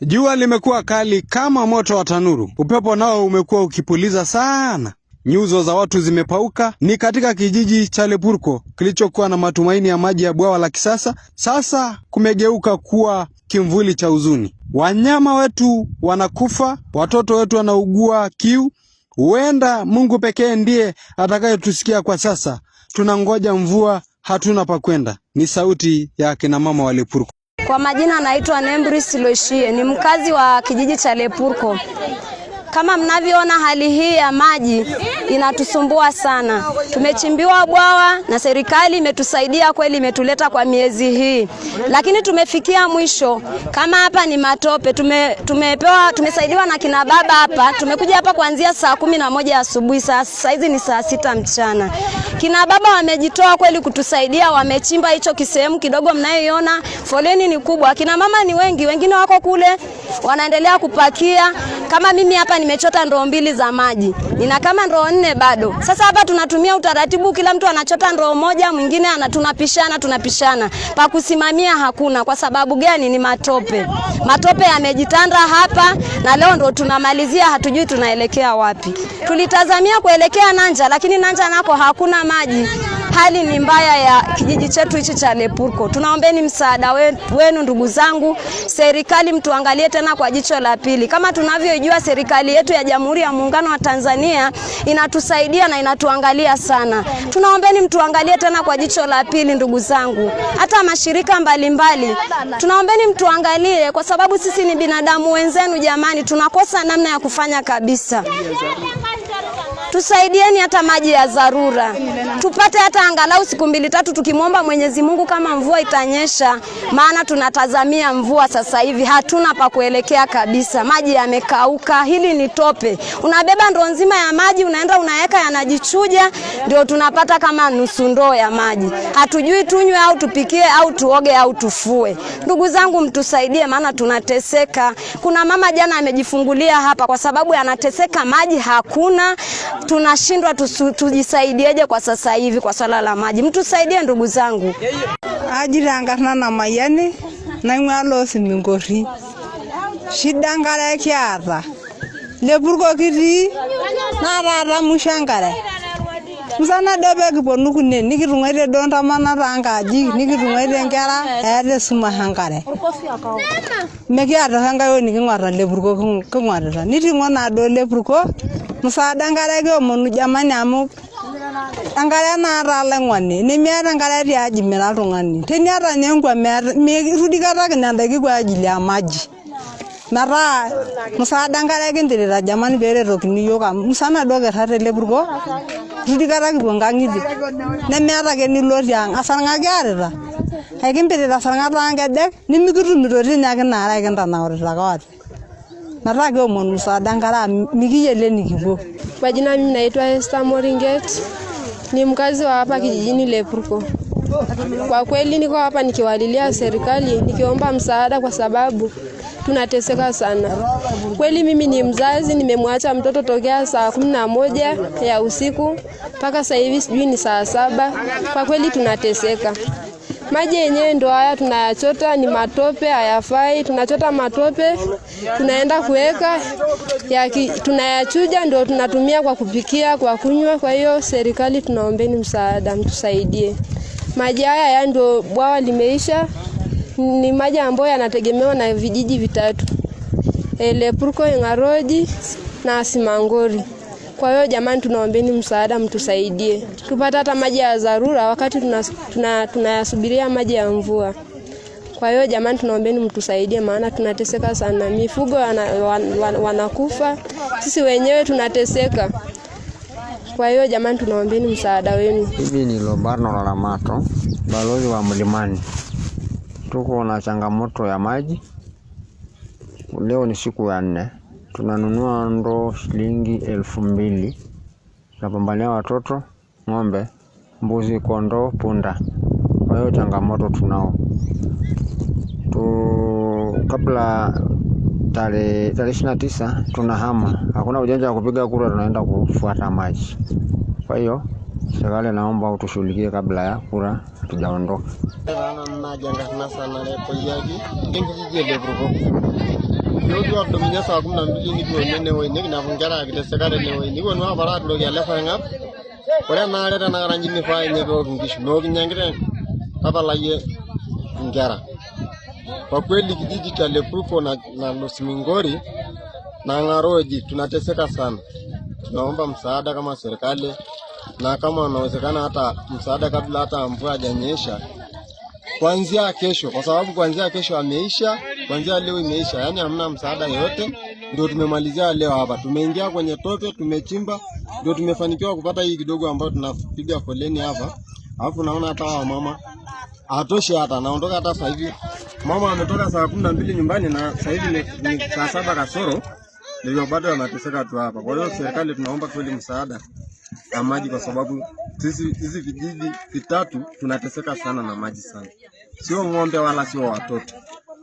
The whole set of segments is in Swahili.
Jua limekuwa kali kama moto wa tanuru, upepo nao umekuwa ukipuliza sana, nyuzo za watu zimepauka. Ni katika kijiji cha Lepurko kilichokuwa na matumaini ya maji ya bwawa la kisasa, sasa kumegeuka kuwa kimvuli cha huzuni. Wanyama wetu wanakufa, watoto wetu wanaugua kiu. Huenda Mungu pekee ndiye atakayetusikia kwa sasa. Tunangoja mvua, hatuna pa kwenda. Ni sauti ya akinamama mama wa Lepurko. Kwa majina anaitwa Nembris Loshie, ni mkazi wa kijiji cha Lepurko. Kama mnavyoona hali hii ya maji inatusumbua sana. Tumechimbiwa bwawa na serikali imetusaidia kweli, imetuleta kwa miezi hii, lakini tumefikia mwisho. Kama hapa ni matope, tume, tumepewa tumesaidiwa na kina baba hapa. Tumekuja hapa kuanzia saa kumi na moja asubuhi, sasa hizi ni saa sita mchana. Kina baba wamejitoa kweli kutusaidia, wamechimba hicho kisehemu kidogo mnayoiona. Foleni ni kubwa, kina mama ni wengi, wengine wako kule wanaendelea kupakia kama mimi hapa nimechota ndoo mbili za maji, nina kama ndoo nne bado. Sasa hapa tunatumia utaratibu, kila mtu anachota ndoo moja, mwingine tunapishana tunapishana. Pa kusimamia hakuna. Kwa sababu gani? Ni matope, matope yamejitanda hapa, na leo ndo tunamalizia, hatujui tunaelekea wapi. Tulitazamia kuelekea Nanja, lakini Nanja nako hakuna maji hali ni mbaya ya kijiji chetu hichi cha Lepurko. Tunaombeni msaada wenu, ndugu zangu. Serikali mtuangalie tena kwa jicho la pili. Kama tunavyojua, serikali yetu ya Jamhuri ya Muungano wa Tanzania inatusaidia na inatuangalia sana. Tunaombeni mtuangalie tena kwa jicho la pili, ndugu zangu, hata mashirika mbalimbali mbali. Tunaombeni mtuangalie kwa sababu sisi ni binadamu wenzenu, jamani, tunakosa namna ya kufanya kabisa tusaidieni hata maji ya dharura tupate hata angalau siku mbili tatu, tukimwomba Mwenyezi Mungu kama mvua itanyesha, maana tunatazamia mvua sasa hivi, hatuna pa kuelekea kabisa, maji yamekauka. Hili ni tope, unabeba ndoo nzima ya maji unaenda unaweka, yanajichuja, ndio tunapata kama nusu ndoo ya maji. Hatujui tunywe au tupikie au tuoge au tufue. Ndugu zangu, mtusaidie, maana tunateseka. Kuna mama jana amejifungulia hapa kwa sababu anateseka, maji hakuna tunashindwa tujisaidieje kwa sasa hivi kwa swala la maji, mtusaidie ndugu zangu. ajira nkarna na mayani naing'ua loosiminkori shida nkare kiaza lepurko kitii naa taata musho enkare musana dobe peekiponu kune nikitung'aitie do ntamana taankaaji nikitung'aitie nkera eeta esumash enkare mekiata enkae woi niking'uarita lepurko niting'o naa do musaada nkare kiomonu jamani amu ni enkare naataala teni nimiata enkare tiajimira oltung'ani teniata nye enkwa mirudikatakini endaiki kwa ajili ya maji ngare musaada ndire ra jamani peeretokini iyiok amu musana duo kirrat ele purko irudikatakipuo nkang'itie nemeeta ake nilotie ang' esarng'a kiarita ekimpirita esarng'a toonkejek nimikitumito tine ake inaare ekintanaurita kewate nataka keomonu msaada ngara mikiye ile nikipo. Kwa jina mimi naitwa Esther Moringet, ni mkazi wa hapa kijijini Lepruko. Kwa kweli niko hapa nikiwalilia serikali nikiomba msaada kwa sababu tunateseka sana kweli. Mimi ni mzazi, nimemwacha mtoto tokea saa kumi na moja ya usiku mpaka sasa hivi sijui ni saa saba. Kwa kweli tunateseka. Maji yenyewe ndo haya tunayachota, ni matope, hayafai. Tunachota matope tunaenda kuweka, tunayachuja ndo tunatumia kwa kupikia, kwa kunywa. Kwa hiyo serikali, tunaombeni msaada, mtusaidie. Maji haya ya ndo bwawa limeisha ni maji ambayo yanategemewa na vijiji vitatu Elepurko, eh, Ing'aroji na Simangori. Kwa hiyo jamani, tunaombeni msaada, mtusaidie tupate hata maji ya dharura wakati tunayasubiria tuna, tuna maji ya mvua. Kwa hiyo jamani, tunaombeni mtusaidie, maana tunateseka sana, mifugo wana, wan, wanakufa, sisi wenyewe tunateseka. Kwa hiyo jamani, tunaombeni msaada wenu. Mimi ni Lombarno Lalamato, balozi wa Mlimani tuko na changamoto ya maji. Leo ni siku ya nne, tunanunua ndoo shilingi elfu mbili. Tunapambania watoto, ng'ombe, mbuzi, kondoo, punda. Kwa hiyo changamoto tunao tu, kabla tarehe ishirini na tisa tunahama. Hakuna ujanja wa kupiga kura, tunaenda kufuata maji, kwa hiyo Serikali naomba utushughulikie kabla ya kura hatujaondoka. Ore enaare tenakata nji mifaa nkishu enkiteng tapalayie nkera. Kwa kweli kijiji cha Lepruko na, na Losmingori na Ng'aroji tunateseka sana, tunaomba msaada kama serikali na kama inawezekana hata msaada kabla hata mvua hajanyesha, kuanzia kesho, kwa sababu kuanzia kesho ameisha, kuanzia leo imeisha, yaani hamna msaada yoyote. Ndio tumemalizia leo hapa, tumeingia kwenye tope, tumechimba, ndio tumefanikiwa kupata hii kidogo ambayo tunapiga foleni hapa, alafu naona hata hawa mama atoshe, hata naondoka hata sasa hivi. Mama ametoka saa kumi na mbili nyumbani na sasa hivi ni saa saba kasoro, ndio bado anateseka tu hapa. Kwa hiyo serikali tunaomba kweli msaada ya maji, kwa sababu sisi hizi vijiji vitatu tunateseka sana na maji sana, sio ng'ombe wala sio watoto.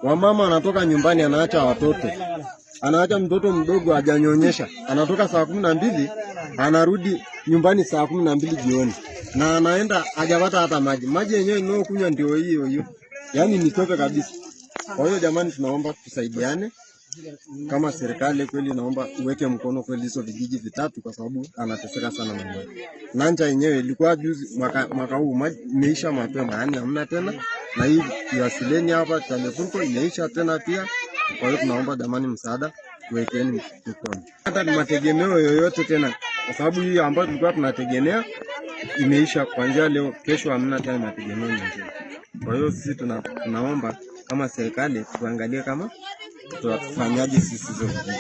Wamama anatoka nyumbani anaacha watoto, anaacha mtoto mdogo ajanyonyesha, anatoka saa kumi na mbili anarudi nyumbani saa kumi na mbili jioni, na anaenda hajapata hata maji. Maji yenyewe inayokunywa ndio hiyo hiyo, yaani ni kabisa. Kwa hiyo jamani, tunaomba tusaidiane. Kama serikali kweli, naomba uweke mkono kweli hizo vijiji vitatu, kwa sababu anateseka sana mama. Nanja yenyewe ilikuwa juzi mwaka, mwaka huu imeisha mapema, yani hamna tena, na hii iwasileni hapa Chalefunko imeisha tena pia. Kwa hiyo tunaomba damani msaada, tuwekeni mkono, hata mategemeo yoyote tena, kwa sababu hii ambayo tulikuwa tunategemea imeisha kuanzia leo, kesho hamna tena mategemeo mengine. Kwa hiyo sisi tuna, tunaomba kama serikali tuangalie kama tutafanyaje sisi zote.